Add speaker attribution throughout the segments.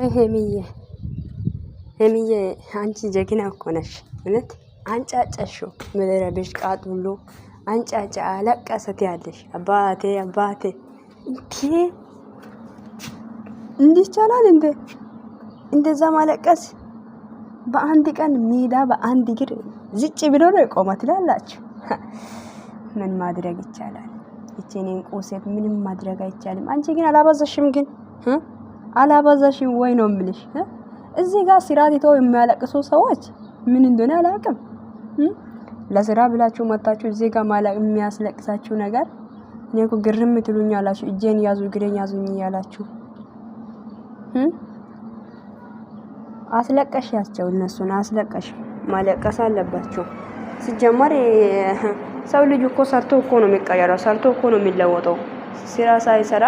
Speaker 1: ወይ ሄሚዬ ሄሚዬ አንቺ ጀግና እኮ ነሽ። እውነት አንጫጫሽው ምድረብሽ ብሽቃጥ ሁሉ አንጫጫ አለቀሰት ያለሽ አባቴ አባቴ እንዴ እንዲህ ይቻላል እንዴ? እንደዛ ማለቀስ በአንድ ቀን ሜዳ በአንድ እግር ዝጭ ብሎ ነው የቆመ ትላላችሁ። ምን ማድረግ ይቻላል? እቺ እኔን ቁሴት ምንም ማድረግ አይቻልም። አንቺ ግን አላባዘሽም ግን አላበዛሽም ወይ ነው የምልሽ። እዚህ ጋር ስራ ትተው የሚያለቅሱ ሰዎች ምን እንደሆነ አላውቅም። ለስራ ብላችሁ መታችሁ እዚህ ጋር ማላቅ የሚያስለቅሳችሁ ነገር እኔ እኮ ግርም ትሉኝ አላችሁ። እጄን ያዙ እግሬን ያዙኝ ያላችሁ አስለቀሽ ያቸው እነሱን አስለቀሽ ማለቀስ አለባቸው። ሲጀመር ሰው ልጅ እኮ ሰርቶ እኮ ነው የሚቀየረው፣ ሰርቶ እኮ ነው የሚለወጠው። ስራ ሳይሰራ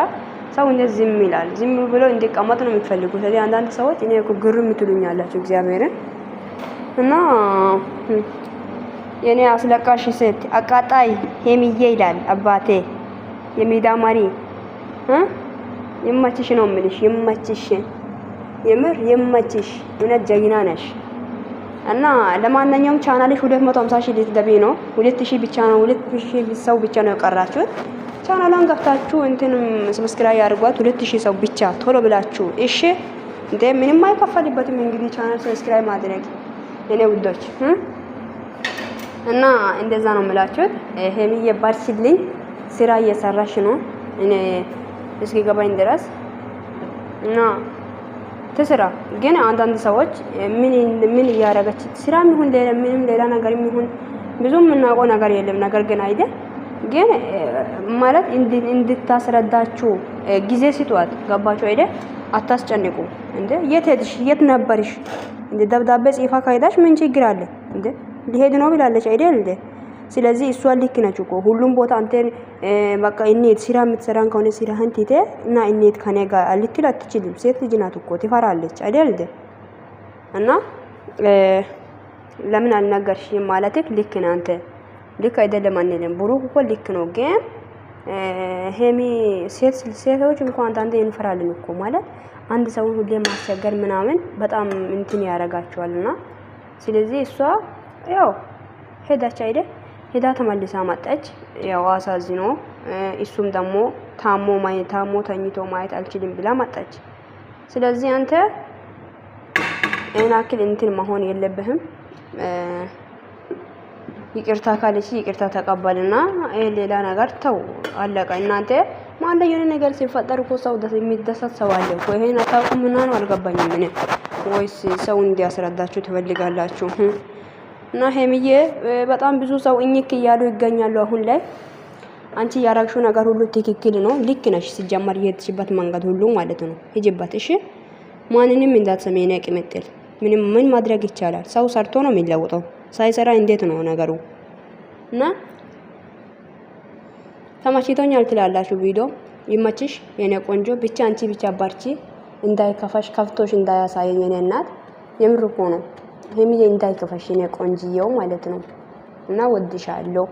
Speaker 1: ሰውነት ዝም ይላል። ዝም ብሎ እንዲቀመጥ ነው የሚፈልጉ። ስለዚህ አንዳንድ ሰዎች እኔ እኮ ግርም ትሉኛላችሁ እግዚአብሔርን እና የኔ አስለቃሽ ሴት አቃጣይ ሄሚዬ ይላል አባቴ የሚዳ መሪ ይመችሽ ነው የምልሽ። ይመችሽ፣ የምር ይመችሽ። እውነት ጀግና ነሽ። እና ለማንኛውም ቻናልሽ 250 ሺህ ልትገቢ ነው። 2000 ብቻ ነው 2000 ሰው ብቻ ነው የቀራችሁት። ቻናሏን ከፍታችሁ እንትንም ሰብስክራይብ አድርጓት። ሁለት ሺህ ሰው ብቻ ቶሎ ብላችሁ እሺ። እንዴ ምንም አይከፈልበትም። እንግዲህ ቻናል ሰብስክራይብ ማድረግ እኔ ውዶች እና እንደዛ ነው የምላችሁት። ሄሚዬ ባርሽልኝ፣ ስራ እየሰራሽ ነው እኔ እስኪ ገባኝ ድረስ እና ትስራ። ግን አንዳንድ ሰዎች ምን ምን እያደረገች ስራ የሚሆን ሌላ ምንም ሌላ ነገር የሚሆን ብዙ የምናውቀው ነገር የለም ነገር ግን አይደል ግን ማለት እንድታስረዳችሁ ጊዜ ስጧት። ገባችሁ አይደ? አታስጨንቁ። እንደ የት ሄድሽ? የት ነበርሽ? እንደ ደብዳቤ ጽፋ ካሄዳሽ ምን ችግር አለ? እንደ ሊሄድ ነው ብላለች አይደል? እንደ ስለዚህ እሷ ልክ ነች እኮ ሁሉም ቦታ አንተ በቃ እንሂድ ስራ የምትሰራን ከሆነ ስራህን ትተህ እና እንሂድ ከኔ ጋር ልትል አትችልም። ሴት ልጅ ናት እኮ ትፈራለች አይደል? እንደ እና ለምን አልነገርሽም ማለትህ ልክ ነህ አንተ ልክ አይደለም አንልም። ብሩክ እኮ ልክ ነው፣ ግን ሄሚ ሴት ሴቶች እንኳን አንዳንዴ እንፈራለን እኮ ማለት አንድ ሰውን ሁሌ ማስቸገር ምናምን በጣም እንትን ያረጋቸዋልና፣ ስለዚህ እሷ ያው ሄዳች አይደ ሄዳ ተመልሳ መጣች። ያው አሳዝኖ እሱም ደግሞ ታሞ ማየት ታሞ ተኝቶ ማየት አልችልም ብላ መጣች። ስለዚህ አንተ እና አክል እንትን መሆን የለብህም። ይቅርታ ካለች ይቅርታ ተቀበልና ሌላ ነገር ተው፣ አለቀ። እናንተ ማለ የሆነ ነገር ሲፈጠር እኮ ሰው የሚደሰት ሰው አለ እኮ። ይሄን አታውቁም እና ነው አልገባኝም። ምን ወይስ ሰው እንዲያስረዳችሁ ትፈልጋላችሁ? እና ሄምዬ በጣም ብዙ ሰው እኝክ እያሉ ይገኛሉ አሁን ላይ አንቺ ያረግሽው ነገር ሁሉ ትክክል ነው። ልክ ነሽ። ሲጀመር የሄድሽበት መንገድ ሁሉ ማለት ነው። ሂጂበት። እሺ ማንንም እንዳትሰሚ ነው። ቅምጥል ምንም ምን ማድረግ ይቻላል? ሰው ሰርቶ ነው የሚለውጠው። ሳይሰራ እንዴት ነው ነገሩ? እና ተመችቶኛል ትላላችሁ ቪዲዮ ይመችሽ፣ የኔ ቆንጆ። ብቻ አንቺ ብቻ ባርቺ፣ እንዳይከፋሽ፣ ከፍቶሽ እንዳያሳየኝ የኔ እናት። የምር እኮ ነው ሀይሚዬ፣ እንዳይከፋሽ የኔ ቆንጅየው ማለት ነው። እና ወድሻለሁ።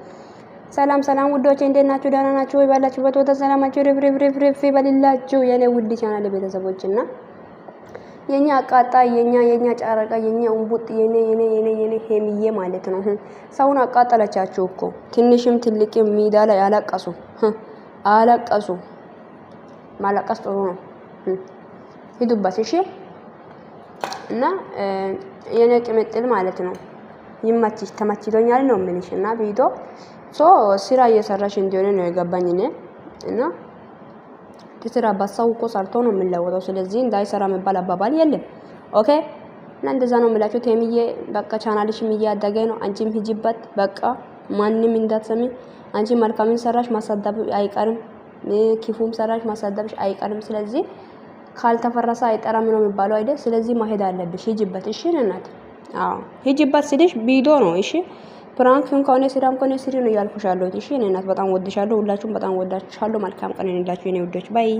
Speaker 1: ሰላም ሰላም ውዶቼ፣ እንዴት ናችሁ? ደህና ናችሁ ወይ? ባላችሁበት ቦታ ሰላማችሁ ርፍርፍርፍ ይበልላችሁ የኔ ውድ ቻናል ቤተሰቦችና የኛ አቃጣ የኛ የኛ ጫረቃ የኛ እንቡጥ የኔ የኔ የኔ የኔ ሄምዬ ማለት ነው። ሰውን አቃጠለቻቸው እኮ ትንሽም ትልቅም ሜዳ ላይ አላቀሱ አላቀሱ። ማላቀስ ጥሩ ነው። ሂዱበት እሺ። እና የኔ ቅምጥል ማለት ነው። ይመችሽ፣ ተመችቶኛል ነው ምንሽ። እና ቢዶ ሶ ስራ እየሰራሽ እንዲሆነ ነው የገባኝ እኔ እና የተሰራባት ሰው እኮ ሰርቶ ነው የምንለወጠው። ስለዚህ እንዳይሰራ መባል አባባል የለም። ኦኬ እና እንደዛ ነው የምላችሁ። ቴምዬ በቃ ቻናልሽም እያደገ ነው። አንቺም ሂጂበት በቃ ማንም እንዳትሰሚ። አንቺ መልካምን ሰራሽ ማሳደብ አይቀርም፣ ክፉም ሰራሽ ማሳደብሽ አይቀርም። ስለዚህ ካልተፈረሰ አይጠራም ነው የሚባለው አይደል? ስለዚህ ማሄድ አለብሽ። ሂጂበት። እሺ እናት፣ ሂጂበት ስልሽ ቢዶ ነው። እሺ ፕራንክም ከሆነ ስራም ከሆነ ስሪ ነው እያልኩሽ ያለሁት። እሺ እኔ እናት በጣም ወድሻለሁ። ሁላችሁም በጣም ወዳችኋለሁ። መልካም ቀን እንላችሁ የኔ ውዶች ባይ